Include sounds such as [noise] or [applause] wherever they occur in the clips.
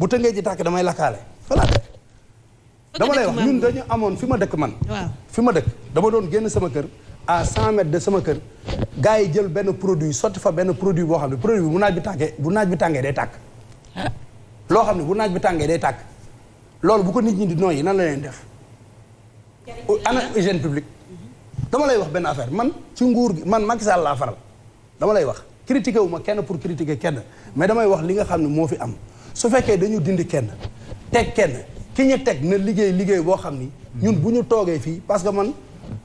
bu tëngee ji tàkk damay lakkaale voilà dama lay wax ñun dañu amoon fi ma dëkk man fi ma dëkk dama doon génn sama kër à 100 mètres de sama kër gars yi jël benn produit sotti fa benn produit boo xam ne produit bi bu naaj bi tàkkee bu naaj tàngee day tàkk ah. loo xam ne bu naaj bi tàngee day tàkk loolu bu ko nit ñi di nooyi nan la leen def ana hygiène publique mm-hmm. dama lay wax benn affaire man ci nguur gi man Macky Sall laa faral dama lay wax critiqué wu ma kenn pour critiquer kenn mais damay wax li nga xam ne moo fi am su fekkee dañu dindi kenn teg kenn ki ñu teg na liggéey liggéey boo xam ni ñun bu ñu toogee fii parce que man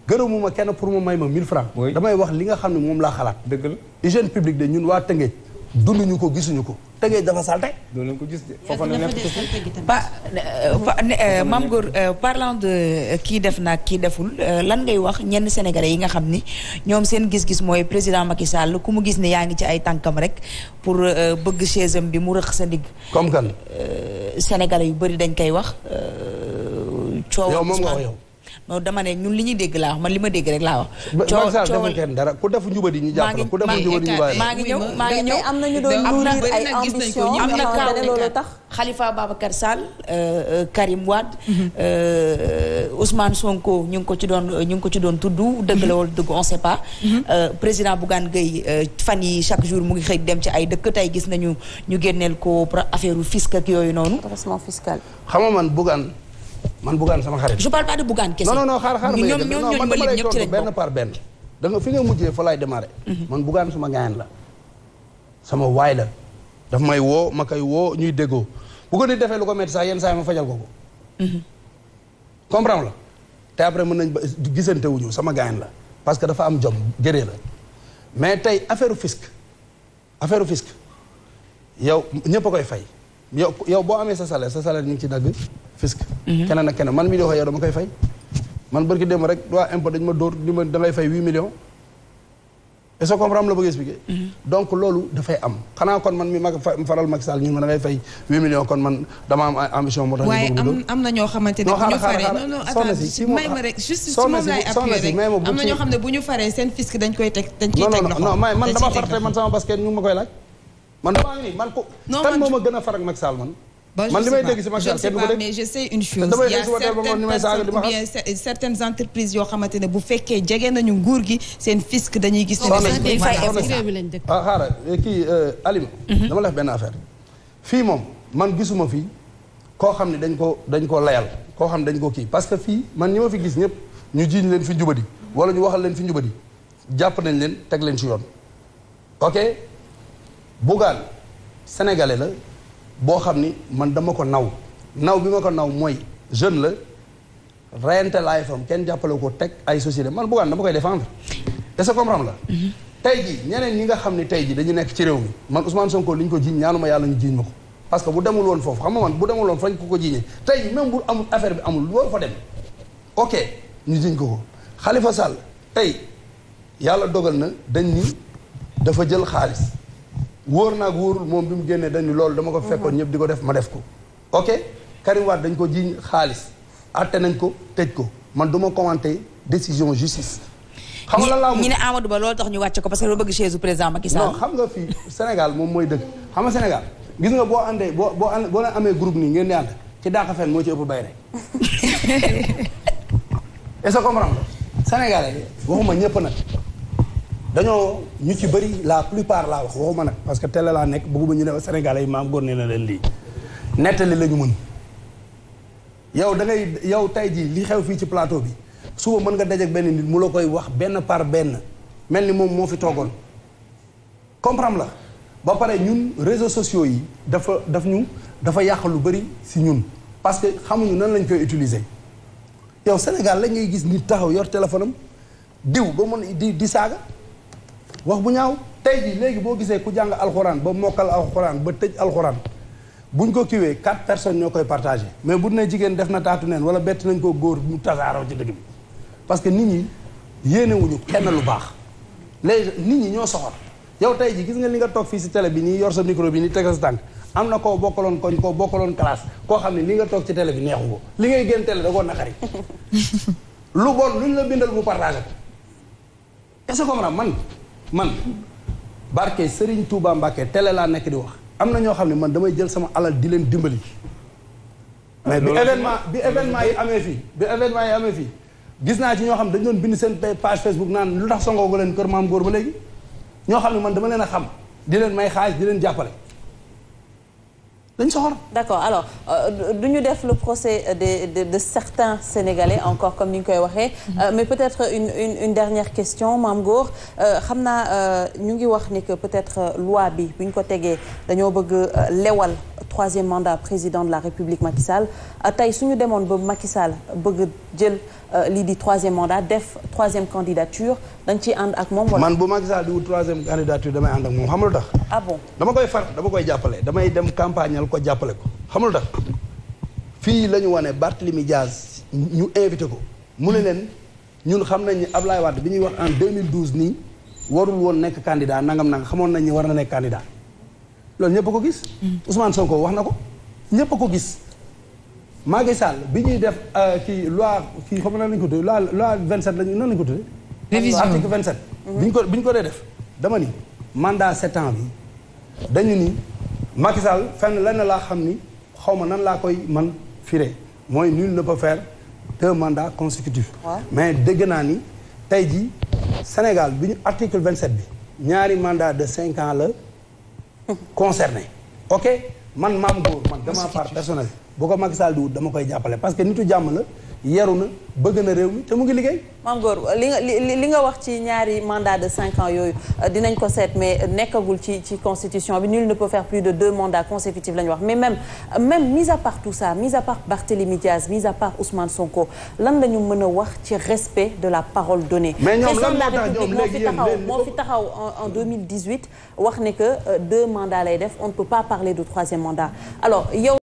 gërëmuma kenn pour mu may ma 1000 francs damay wax li nga xam ne moom laa xalaat dëgg la hygiène publique de ñun waa Tëngéej dunduñu ko gisuñu ko tëngéej dafa salte loolu lañ ko gis de foofa la nekk euh, euh, Goor euh, parlant kii def naa kii deful lan ngay wax ñenn sénégalais yi nga xam ni ñoom seen gis-gis mooy président Macky Sall ku mu gis ni yaa ngi ci ay tànkam rek pour bëgg chaise am bi mu rëq sa ndigg comme kan sénégalais yu bëri dañ koy wax coow yow moom nga wax yow non dama ne ñun li ñuy dégg laa wax man li ma dégg rek laa wax. coow coow kenn dara ku def njubadi ñu jàpp la ku def njubadi ñu bàyyi. maa ngi ñëw maa ngi ñëw am na ñu doon nourrir ay ambition am na kaaw loolu tax. Khalifa Babacar Sall euh, euh, Karim Wade. Euh, Ousmane Sonko ñu ngi ko ci doon ñu ngi ko ci doon tudd. dëgg la wala dëgg on sait pas. président Bougane Gueye fan yi chaque jour mu ngi xëy dem ci ay dëkk tey gis nañu ñu génneel ko affaire fisc ak yooyu noonu. redressement fiscal. xam nga man Bougane. man Bougane sama xarit. je parle pas de Bougane kese. non non non xaar xaar ñoom ñoom ñooñu ma lim ñëpp ci lañ benn par benn. da fi nga mujjee fa laay démarrer. Mhm. man Bougane sama gaañ la. sama waay la. daf may woo ma koy woo ñuy déggoo bu ko nit defee lu ko métti sax yenn saa yi ma fajal ko ko. Mhm. comprendre la te après mën nañ ba gisante sama gaañ la parce que dafa am jom gëree la mais tey affaire fisc affaire fisc yow ñëpp a koy fay yow yow boo amee sa salaire sa salaire ñu ngi ci dagg. fisc mhm. keneen ak keneen man mii di wax yow dama koy fay man barki démb rek waa impôt dañu ma dóor da ngay fay huit mhm. dafay am xanaa kon man mi mag faral Macky Sall ne bu ñu faree non non attends may ma rek juste si moom laay appuyer man dama farte man sama basket ñu ma koy laaj man dama ngi man ko kan moo ma gën a far ak Macky man bon man li may dégg sama kër kenn du ko chose il certaines entreprises yoo xamante ne bu fekkee jege nañu nguur gi seen fisc dañuy gis ne ah xaaral eh, kii eh, Alima mhm. dama la benn affaire fii moom man gisuma fii koo xam ne dañ ko dañ ko layal koo xam ne dañ ko kii parce que fii man ñi ma fi gis ñëpp ñu jiiñ leen fi njubadi wala ñu waxal leen fi njubadi jàpp nañ leen teg leen ci yoon ok Bougane sénégalais la boo xam ni man dama ko naw naw bi ma ko naw mooy jeune la reyante laay fam kenn jàppale ko teg ay société man buggaan dama koy défendre est-ce que comprendre la mhm. tey ji ñeneen ñi nga xam ni tey ji dañu nekk ci réew mi man Ousmane Sonko li ñu ko jiiñ ñaanuma yàlla ñu jiiñ ma ko parce que bu demul woon foofu xam nga man bu demul woon fañ ko ko jiiñee tey ji même bu amul affaire bi amul loolu fa dem ok ñu jiiñ ko ko Khalifa Sall tey yàlla dogal na dañ ni dafa jël xaalis wóor naa ak wóorul moom bi mu génnee dañu loolu dama ko fekkoon mhm. ñëpp di ko def ma def ko ok Karim Wade dañ ko jiiñ xaalis atte nañ ko tëj ko man du ma commenter décision justice xam nga laa ñu ne Amadou Ba loolu tax ñu wàcc ko parce que loo bëgg chaise président Macky Sall non xam nga fii Sénégal moom mooy dëkk xam nga Sénégal gis nga boo àndee boo boo ànd boo leen amee groupe nii ngeen di ànd ci dàq fen moo ci ëpp bay rek [laughs] est-ce que ñëpp nag dañoo ñu ci bëri la plupart laa wax waxuma nag parce que télé laa nekk bëgguma ñu ne Sénégalais yi maam góor nee na leen lii nettali la ñu yow da yow tey jii li xew fii ci plateau bi suba mën nga dajeek benn nit mu la koy wax benn par benn mel ni moom moo fi toogoon comprendre la ba pare ñun réseaux sociaux yi dafa daf ñu dafa yàq lu bëri si ñun parce que xamuñu nan lañ koy utiliser yow Sénégal la ngay gis nit taxaw yor téléphone am diw ba mën di di saaga wax bu ñaaw tey jii léegi boo gisee ku jàng alxuraan ba mokkal alxuraan ba tëj alxuraan buñ ko kiwee quatre personnes ñoo koy partagé mais bu ne jigéen def na taatu neen wala bett nañ koo góor mu tasaaroo ci dëgg bi parce que nit ñi yéenewuñu kenn lu baax léegi nit ñi ñoo soxor yow tey ji gis nga li nga toog fii si télé bi nii yor sa micro bi nii teg sa tànk am na koo bokkaloon koñ koo bokkaloon classe koo xam ne li nga toog ci télé bi neexu ko li ngay génn télé da koo naqari [laughs] lu bon la bindal mu partagé ko est man man barke Serigne Touba Mbacke tele laa nekk di wax am na ñoo xam ne man damay jël sama alal di leen dimbali. mais bi événement bi événement yi amee fii bi événement yi amee fii gis naa ci ñoo xam ne dañ doon bind seen page Facebook naan lu tax songoo ko leen kër maam góor ba léegi ñoo xam ne man dama leen a xam di leen may xaalis di leen jàppale. dañ soxor. d'accord alors euh, du ñu def le procès de de de certains sénégalais encore comme ni ñu koy waxee. Mhm. Euh, mais peut-être une une une dernière question maam Góor euh, xam naa ñu ngi wax ni que peut-être loi bi bu ñu ko tegee dañoo bëgg lewal. troisième mandat président de la République Macky Sall euh, tey suñu demoon ba Macky Sall bëgg jël euh, lii di troisième mandat def troisième candidature dañ ci ànd ak moom. man bu Macky Sall di wut troisième candidature damay ànd ak moom xamul tax. Ah dama koy far dama koy jàppale damay dem campagne campagnal ko jàppale ko xamul tax fii la ñu wane Barthélemy Diaz ñu invité ko mu ne leen ñun xam nañ ne Ablaye Wade bi ñuy wax en 2012 nii warul woon nekk candidat nangam nangam xamoon nañ ne war na nekk candidat. loolu ñëpp ko gis. Ousmane Sonko wax na ko ñëpp a ko gis. Macky Sall bi ñuy def euh, kii loi kii xam na lañu ko tuddee loi loi 27 lañu nan lañu ko tuddee. révision article 27. bi ñu ko bi ñu ko dee def dama ni mandat 7 ans bi dañu ni Macky Sall fenn lenn laa xam ni xaw ma nan laa koy man fire mooy nul ne peut faire deux mandats consécutifs. mais dégg naa ni tey ji Sénégal bi ñu vingt 27 bi ñaari mandat de cinq ans la. concerné ok man maam góor man de ma part personnelle boo ko Macky Sall di wut dama koy jàppale parce que nitu jàmm la yaru na bëgg na réew mi te mu ngi liggéey. maam góor li nga li nga wax ci ñaari mandat de cinq ans yooyu euh, dinañ ko seet mais nekkagul ci ci constitution bi nul ne peut faire plus de deux mandats consécutifs la wax mais même même mis à part tout ça mis à part Barthélémy Diaz mis à part Ousmane Sonko lan la ñu mën a wax ci respect de la parole donnée. mais ñoom lan moo tax ñoom léegi yéen moo fi taxaw en en 2018 wax ne que euh, deux mandats lay def on ne peut pas parler de troisième mandat